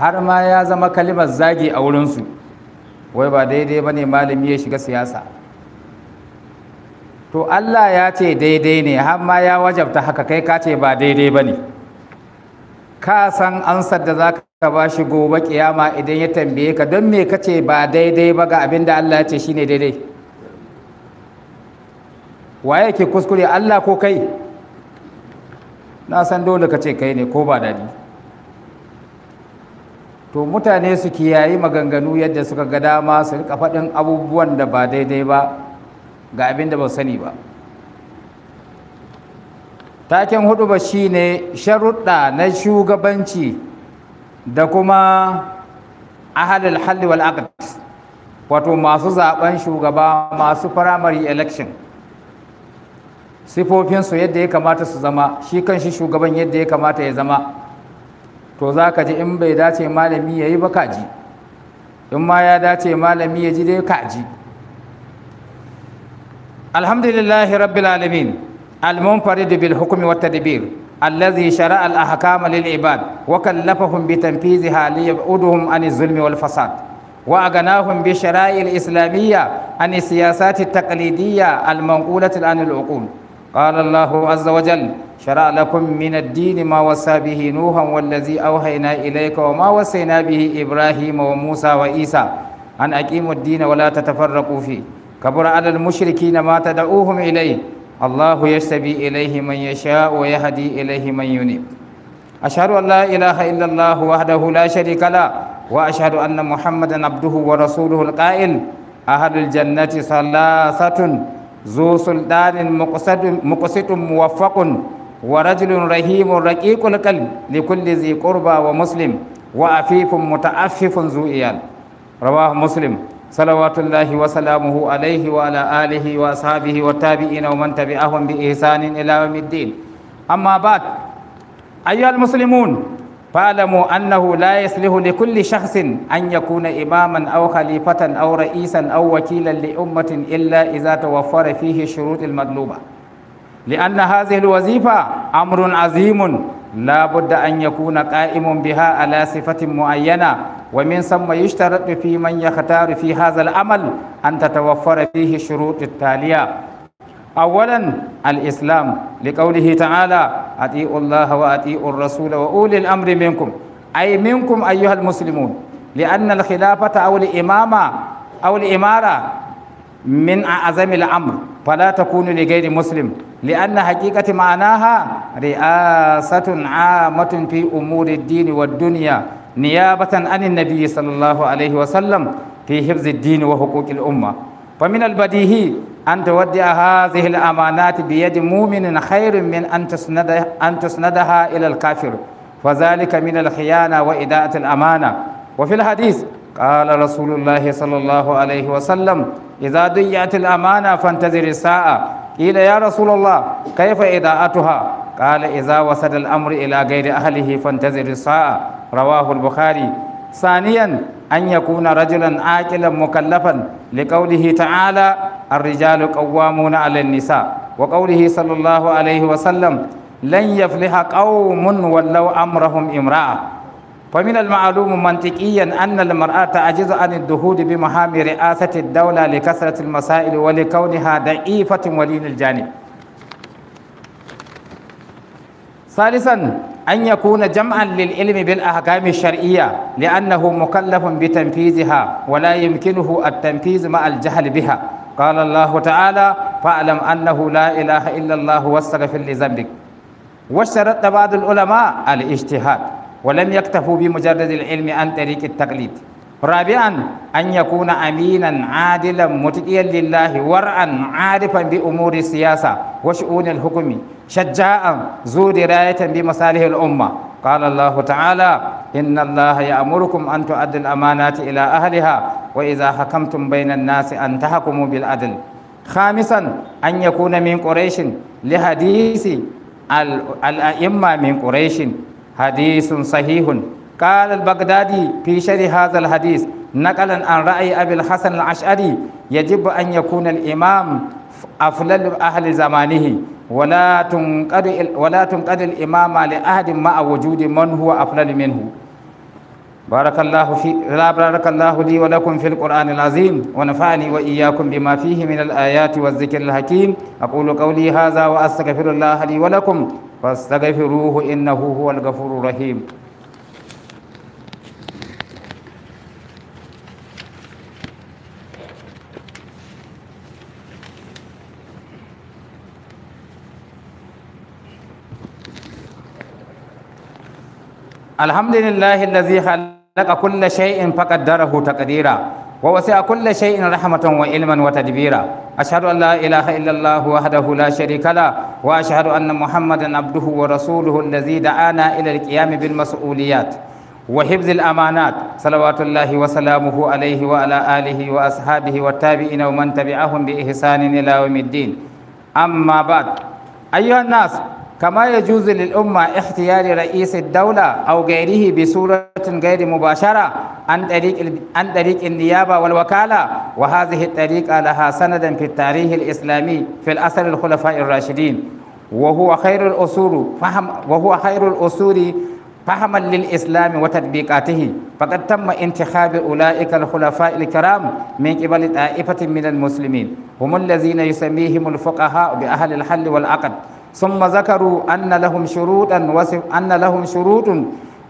har ma ya zama kalimar zagi a wurinsu wai ba daidai ba ne malami ya shiga siyasa to allah ya ce daidai ne har ma ya wajabta haka kai ka ce ba daidai ba ne ka san ansar da za ka ba shi gobe kiyama idan ya tambaye ka don me ka ce ba daidai ba ga abin da allah ya ce shine daidai waye ke kuskure allah ko kai na san dole ka ce kai ne ko ba daɗi to mutane su kiyayi maganganu yadda suka ga dama su rika faɗin abubuwan da ba daidai ba ga abin da ba sani ba taken hudu ba shi shine sharuɗa na shugabanci da kuma ahalil halli wal wato masu zaben shugaba masu primary election sifofinsu yadda ya kamata su zama shi kan shi shugaban yadda ya kamata ya zama to za ka ji in bai dace malami ya yi ba ka ji in ma ya dace malami ya ji dai ka ji alhamdulillahi rabbil alamin al-munfarid bil hukmi wat tadbir allazi shara'a al ahkama lil ibad wa kallafahum bi tanfiziha li yab'udhum an az-zulm wal fasad wa aganahum bi shara'il islamiyya an as-siyasat at-taqlidiyya al-manqulat an قال الله عز وجل شرع لكم من الدين ما وصى به نوحا والذي أوحينا إليك وما وصينا به إبراهيم وموسى وعيسى أن أقيموا الدين ولا تتفرقوا فيه كبر على المشركين ما تدعوهم إليه الله يجتبي إليه من يشاء ويهدي إليه من ينيب أشهد أن لا إله إلا الله وحده لا شريك له وأشهد أن محمدا عبده ورسوله القائل أهل الجنة ثلاثة ذو سلطان مقصد مقصد موفق ورجل رحيم رقيق القلب لكل ذي قربى ومسلم وعفيف متعفف ذو إيال رواه مسلم صلوات الله وسلامه عليه وعلى آله وأصحابه والتابعين ومن تبعهم بإحسان إلى يوم الدين أما بعد أيها المسلمون فاعلموا أنه لا يصلح لكل شخص أن يكون إماما أو خليفة أو رئيسا أو وكيلا لأمة إلا إذا توفر فيه الشروط المطلوبة لأن هذه الوظيفة أمر عظيم لا بد أن يكون قائم بها على صفة معينة ومن ثم يشترط في من يختار في هذا العمل أن تتوفر فيه الشروط التالية أولا الإسلام لقوله تعالى أطيعوا الله وأطيعوا الرسول وأولي الأمر منكم أي منكم أيها المسلمون لأن الخلافة أو الإمامة أو الإمارة من أعظم الأمر فلا تكون لغير مسلم لأن حقيقة معناها رئاسة عامة في أمور الدين والدنيا نيابة عن النبي صلى الله عليه وسلم في حفظ الدين وحقوق الأمة فمن البديهي أن تودع هذه الأمانات بيد مؤمن خير من أن تسندها, أن تسندها إلى الكافر فذلك من الخيانة وإداءة الأمانة وفي الحديث قال رسول الله صلى الله عليه وسلم إذا ضيعت الأمانة فانتظر الساعة قيل يا رسول الله كيف إداءتها قال إذا وصل الأمر إلى غير أهله فانتظر الساعة رواه البخاري ثانيا أن يكون رجلا عاقلا مكلفا لقوله تعالى الرجال قوامون على النساء وقوله صلى الله عليه وسلم لن يفلح قوم ولو أمرهم امرأة فمن المعلوم منطقيا أن المرأة تعجز عن الدهود بمهام رئاسة الدولة لكثرة المسائل ولكونها ضعيفة ولين الجانب ثالثا أن يكون جمعا للعلم بالأحكام الشرعية لأنه مكلف بتنفيذها ولا يمكنه التنفيذ مع الجهل بها قال الله تعالى فاعلم أنه لا إله إلا الله واستغفر لذنبك واشترط بعض العلماء الاجتهاد ولم يكتفوا بمجرد العلم عن طريق التقليد رابعا أن يكون أمينا عادلا متقيا لله ورعا عارفا بأمور السياسة وشؤون الحكم شجاعا ذو دراية بمصالح الأمة قال الله تعالى إن الله يأمركم أن تؤدوا الأمانات إلى أهلها وإذا حكمتم بين الناس أن تحكموا بالعدل خامسا أن يكون من قريش لحديث الأئمة من قريش حديث صحيح قال البغدادي في شرح هذا الحديث نقلا عن رأي أبي الحسن الأشعري يجب أن يكون الإمام أفلل أهل زمانه ولا تنقد ولا تنقد الإمامة لأحد مع وجود من هو أفضل منه بارك الله في لا بارك الله لي ولكم في القرآن العظيم ونفعني وإياكم بما فيه من الآيات والذكر الحكيم أقول قولي هذا وأستغفر الله لي ولكم فاستغفروه إنه هو الغفور الرحيم alhamdulillahi allazi khalaqa kulla shay'in faqaddarahu taqdira wa wasi'a kulla shay'in rahmatan wa ilman wa tadbira ashhadu an la ilaha illa allah wahdahu la sharika la wa ashhadu anna muhammadan abduhu wa rasuluhu allazi da'ana ila alqiyam bil mas'uliyat wa hifz al amanat salawatullahi wa salamuhu alayhi wa ala alihi wa ashabihi wa tabi'ina wa man tabi'ahum bi ihsanin ila yawmiddin amma ba'd ayyuhan nas كما يجوز للأمة اختيار رئيس الدولة أو غيره بصورة غير مباشرة عن طريق عن طريق النيابة والوكالة وهذه الطريقة لها سندا في التاريخ الإسلامي في الأثر الخلفاء الراشدين وهو خير الأصول فهم وهو خير الأصول فهما للإسلام وتطبيقاته فقد تم انتخاب أولئك الخلفاء الكرام من قبل طائفة من المسلمين هم الذين يسميهم الفقهاء بأهل الحل والعقد ثم ذكروا أن لهم شروطا وصف أن لهم شروط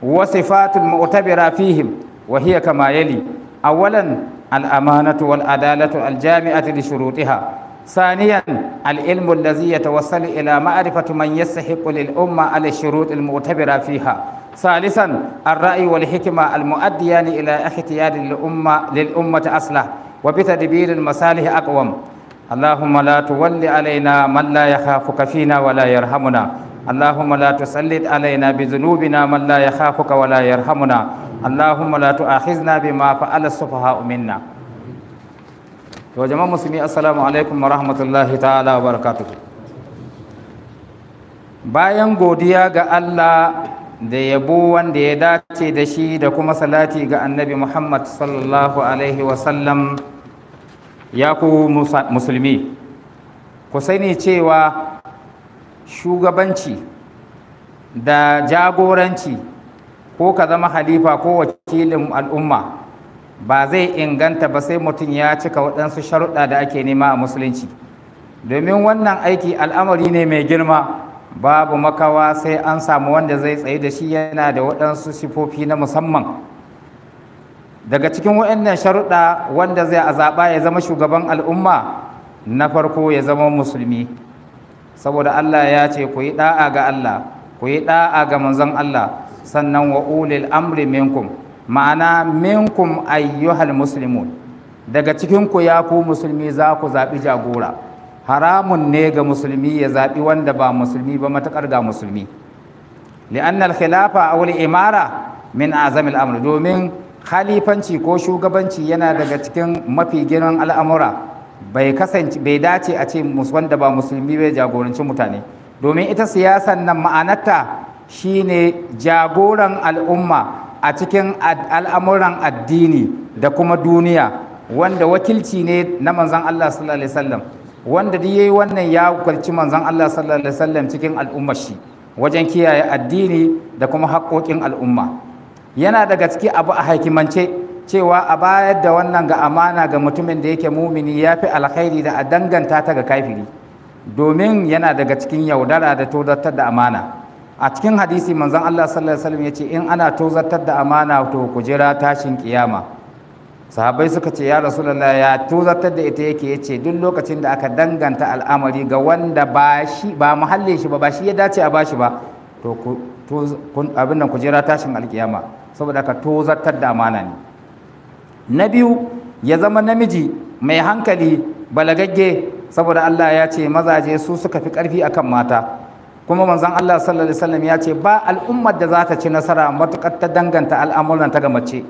وصفات معتبرة فيهم وهي كما يلي أولا الأمانة والعدالة الجامعة لشروطها ثانيا العلم الذي يتوصل إلى معرفة من يستحق للأمة على الشروط المعتبرة فيها ثالثا الرأي والحكمة المؤديان إلى اختيار الأمة للأمة أصلا وبتدبير المصالح أقوم اللهم لا تول علينا من لا يخافك فينا ولا يرحمنا اللهم لا تسلط علينا بذنوبنا من لا يخافك ولا يرحمنا اللهم لا تؤاخذنا بما فعل السفهاء منا to jama'a musulmi assalamu alaikum wa rahmatullahi ta'ala wa bayan godiya ga Allah da yabo wanda ya dace da shi da kuma salati ga annabi Muhammad sallallahu alaihi sallam ya ku musulmi ku sani cewa shugabanci da jagoranci ko ka zama halifa ko wakilin al'umma ba zai inganta ba sai mutum ya cika waɗansu sharuɗa da ake nema a musulunci domin wannan aiki al'amari ne mai girma babu makawa sai an samu wanda zai tsaye da shi yana da waɗansu sifofi na musamman daga cikin waɗannan sharuɗa wanda zai a zaɓa ya zama shugaban al'umma na farko ya zama musulmi saboda Allah ya ce ku yi ɗa'a ga Allah ku yi ɗa'a ga manzon Allah sannan wa ulil amri minkum ma'ana minkum ayyuhal muslimun daga cikin ku ya ku musulmi za ku zaɓi jagora haramun ne ga musulmi ya zaɓi wanda ba musulmi ba matuƙar ga musulmi li'annal khilafa aw imara min azamil amr domin Halifanci ko shugabanci yana daga cikin mafi girman al'amura bai kasance bai dace a ce wanda ba musulmi bai jagoranci mutane domin ita siyasan nan ma'anarta shine jagoran al'umma a cikin al'amuran addini da kuma duniya wanda wakilci ne na manzan Allah sallallahu alaihi wanda duk yayi wannan ya kwalci manzon Allah sallallahu alaihi cikin al'ummar shi wajen kiyaye addini da kuma haƙƙoƙin al'umma yana daga ciki abu a hakimance cewa a bayar da wannan ga amana ga mutumin da yake mumini ya fi alkhairi da a danganta ta ga kafiri domin yana daga cikin yaudara da tozartar da amana a cikin hadisi manzon Allah sallallahu alaihi wasallam yace in ana tozartar da amana to ku jira tashin kiyama sahabbai suka ce ya rasu ya tozartar da ita yake yace duk lokacin da aka danganta al'amari ga wanda ba shi ba muhallin shi ba shi ya dace a bashi ba to ku abin nan ku tashin alkiyama saboda ka tozartar da amana ne na biyu ya zama namiji mai hankali balagagge saboda Allah ya ce mazaje su suka fi ƙarfi akan mata kuma manzon Allah sallallahu alaihi ya ce ba al'ummar da za ta ci nasara matukar ta danganta al'amuran ta ga mace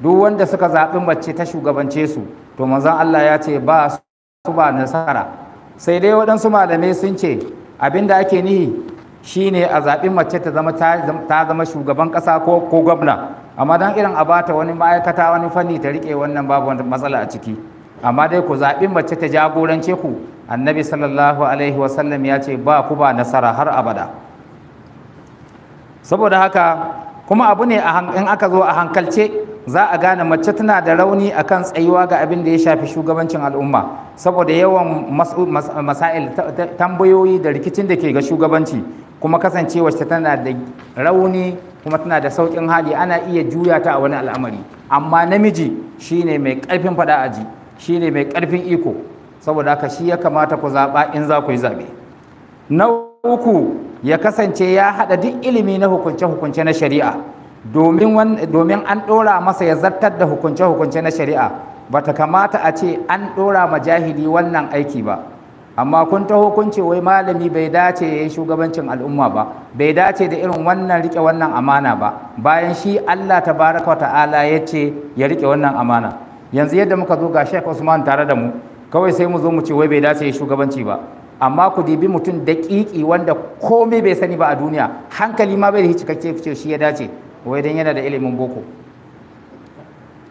duk wanda suka zaɓi mace ta shugabance su to manzon Allah ya ce ba su ba nasara sai dai waɗansu malamai sun ce abin da ake nihi Shi ne a zaɓi mace ta zama ta zama shugaban ƙasa ko gwamna amma don irin a bata wani ma'aikata wani fanni ta riƙe wannan babu matsala a ciki amma dai ku zaɓi mace ta jagorance ku annabi sallallahu alaihi wasallam ya ce ba ku ba nasara har abada saboda haka kuma abu ne in aka zo a hankalce za a gane mace tana da rauni akan tsayuwa ga abin da ya shafi shugabancin al'umma saboda yawan masail tambayoyi da rikicin da ke ga shugabanci kuma kasancewar ta tana da rauni kuma tana da sauƙin hali ana iya juya ta a wani al'amari amma namiji shine mai ƙarfin faɗa aji shine mai ƙarfin iko saboda haka shi ya kamata ku zaɓa in za ku yi zaɓe na uku ya kasance ya haɗa duk ilimi na hukunce-hukunce na shari'a domin an ɗora masa ya zartar da hukunce-hukunce na shari'a bata kamata a ce an ɗora ma jahili wannan aiki ba amma kun taho kun ce wai malami bai dace ya yi shugabancin al'umma ba bai dace da irin wannan rike wannan amana ba bayan shi Allah Ta wa ta'ala ya ce ya rike wannan amana yanzu yadda muka zo ga Sheikh Usman tare da mu kawai sai mu zo mu ce wai bai dace ya yi shugabanci ba amma ku dibi mutum daƙiƙi wanda komai bai sani ba a duniya hankali ma bai da cikakke fice shi ya dace wai dan yana da ilimin boko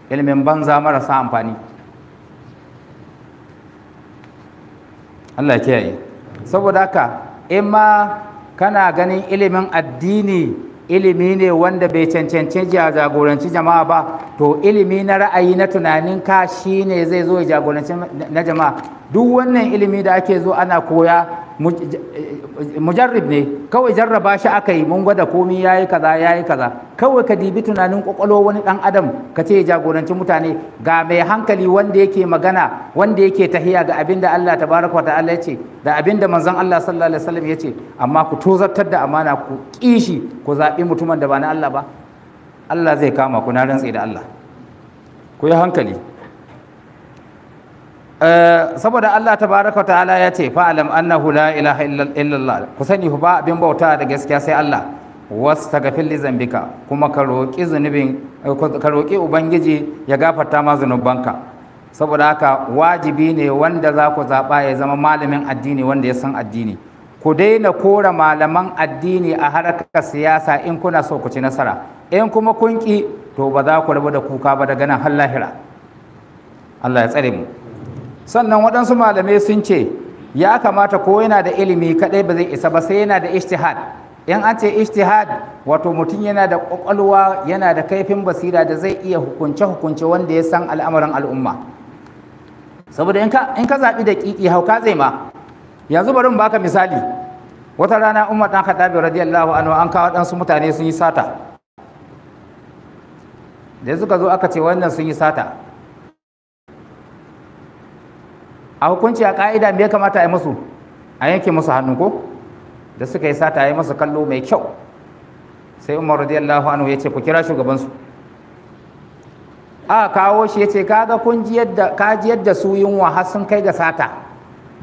ilimin banza marasa amfani Allah kiyaye saboda haka in ma kana ganin ilimin addini ilimi ne wanda bai cancanci jagoranci jama'a ba to ilimi na ra'ayi na tunanin ka shi ne zai zo ya jagoranci na jama'a duk wannan ilimi da ake zo ana koya Eh, mujarrib ne kawai jarraba shi aka yi mun gwada komi ya yi kaza ya yi kaza kawai ka dibi tunanin kwakwalwa wani ɗan adam ka ce jagoranci mutane ga mai hankali wanda yake magana wanda yake tahiya ga abin da Allah tabaraka Allah ya ce da abin da manzon Allah sallallahu alaihi wasallam ya ce amma ku tozartar da amana ku kishi ku zaɓi mutumin da ba na Allah ba Allah zai kama ku na rantsi da Allah ku yi hankali Eh, saboda Allah ta tabaraka ta'ala ya ce fa'alam annahu la ilaha illallah ku sani ba abin bauta da gaskiya sai Allah wasu gafin lizambika kuma ka roƙi ubangiji ya gafarta ma zunubanka saboda haka wajibi ne wanda za ku zaɓa ya zama malamin addini wanda ya san addini ku daina kora malaman addini a harkar siyasa in kuna so ku ci nasara in kuma kunki to ba za ku rabu da kuka ba daga nan har lahira Allah ya tsare mu sannan waɗansu malamai sun ce ya kamata ko yana da ilimi kaɗai ba zai isa ba sai yana da ishtihad in an ce ishtihad wato mutum yana da ƙwaƙwalwa yana da kaifin basira da zai iya hukunce hukunce wanda ya san al'amuran al'umma saboda in ka zaɓi da ƙiƙi ka zai ma yanzu bari mu baka misali wata rana umar ɗan khattabi radiyallahu anhu an kawo ɗansu mutane sun yi sata da suka zo aka ce wannan sun yi sata a hukunci a ƙa'ida me ya kamata a yi musu a yanke musu hannu ko da suka yi sata a yi musu kallo mai kyau sai umar radiyallahu anhu ya ce ku kira shugabansu a kawo shi ya ce kaga kun ji yadda ka ji yadda su yunwa har sun kai ga sata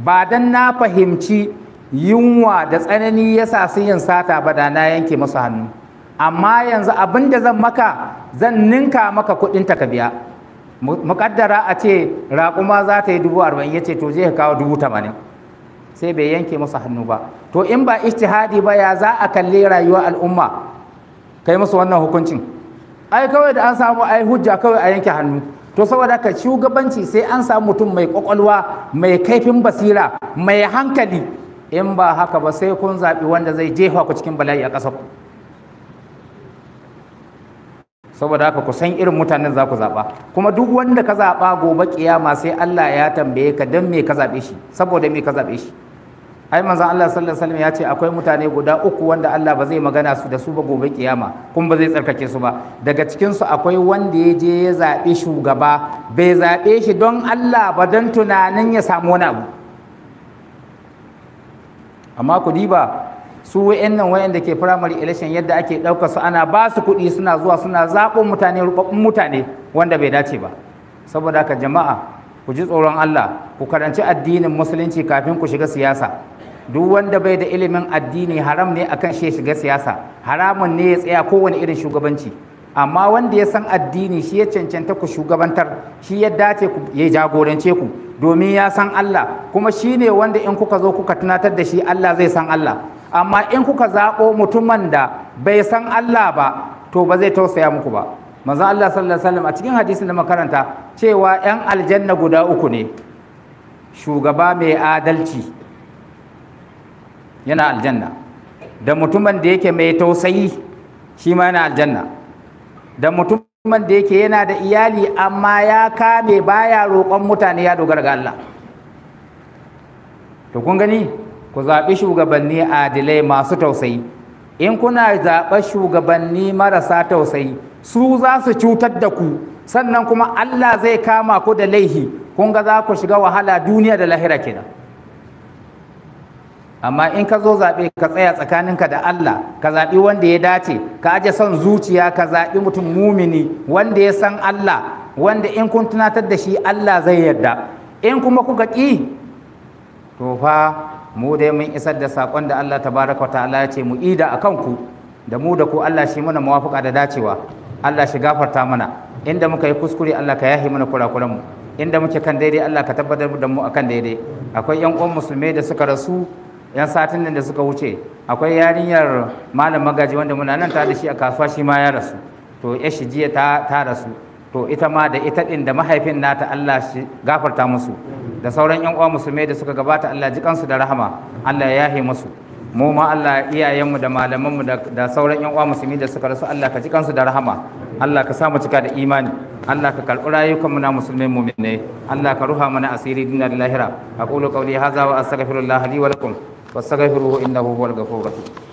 ba dan na fahimci yunwa da tsanani yasa sun yin sata ba da na yanke musu hannu amma yanzu abin da zan maka zan ninka maka kuɗin ka biya Mukaddara a ce raƙuma za ta yi dubu arba'in ya ce to zai ka kawo dubu tamanin sai bai yanke masa hannu ba to in ba ishtihadi ba ya za a kalli rayuwar al'umma kai musu wannan hukuncin ai kawai da an samu ai hujja kawai a yanke hannu to saboda ka shugabanci sai an samu mutum mai kwakwalwa mai kaifin basira mai hankali in ba haka ba sai kun zaɓi wanda zai jefa ku cikin bala'i a ƙasar ku saboda haka ku san irin mutanen za ku zaɓa kuma duk wanda ka zaɓa gobe kiyama sai Allah ya tambaye ka dan me ka zaɓe shi saboda me ka zaɓe shi ai manzon Allah sallallahu alaihi wasallam ya ce akwai mutane guda uku wanda Allah ba zai magana su da su ba gobe kiyama kuma ba zai tsarkake su ba daga cikin su akwai wanda ya je ya zaɓi shugaba bai zaɓe shi don Allah ba don tunanin ya samu wani abu amma ku diba su wayannan wayanda ke firamare election yadda ake ɗaukar su ana ba su kuɗi suna zuwa suna zaɓin mutane rubabbun mutane wanda bai dace ba saboda ka jama'a ku ji tsoron Allah ku karanci addinin musulunci kafin ku shiga siyasa duk wanda bai da ilimin addini haram ne akan shi shiga siyasa haramun ne ya tsaya kowane irin shugabanci amma wanda ya san addini shi ya cancanta ku shugabantar shi ya dace ku ya jagorance ku domin ya san Allah kuma shi ne wanda in kuka zo kuka tunatar da shi Allah zai san Allah amma in kuka zaɓo mutumin da bai san Allah ba to ba zai tausaya muku ba manzon Allah sallallahu alaihi wasallam a cikin hadisin da makaranta cewa yan aljanna guda uku ne shugaba mai adalci yana aljanna da mutumin da yake mai tausayi shi ma yana aljanna da mutumin da yake yana da iyali amma ya kame baya roƙon mutane ya dogara ga Allah to kun gani ku zaɓi shugabanni adilai masu tausayi in kuna zaɓar shugabanni marasa tausayi su za su cutar da ku sannan kuma Allah zai kama ku da laihi kun ga za ku shiga wahala duniya da lahira kenan amma in ka zo zaɓe ka tsaya tsakaninka da Allah ka zaɓi wanda ya dace ka aje son zuciya ka zaɓi mutum mumini wanda ya san Allah wanda in kun tunatar da shi Allah zai yarda in kuma kuka ƙi to fa mu dai mun isar da saƙon da Allah tabaraka ta'ala ya ce mu ida a kanku da mu da ku Allah shi mana mawafuka da dacewa Allah shi gafarta mana inda muka yi kuskure Allah ka yahi mana mu inda muke kan daidai Allah ka tabbatar da mu akan daidai akwai yan uwan musulmai da suka rasu yan satin nan da suka wuce akwai yarinyar malam magaji wanda muna nan ta da shi a kasuwa shi ma ya rasu to ya shi jiya ta rasu to ita ma da ita din da mahaifin nata Allah shi gafarta musu da sauran yan uwa musulmai da suka gabata Allah ji kansu da rahama Allah ya yahe musu mu ma Allah iyayenmu da malamanmu da sauran yan uwa musulmi da suka rasu Allah ka ji kansu da rahama Allah ka samu cika da imani Allah ka karɓi rayukanmu na musulmai mu'minai Allah ka ruha mana asiri lillahi lahira aqulu qawli hadha wa astaghfirullah li wa lakum wastaghfiruhu innahu huwal ghafurur rahim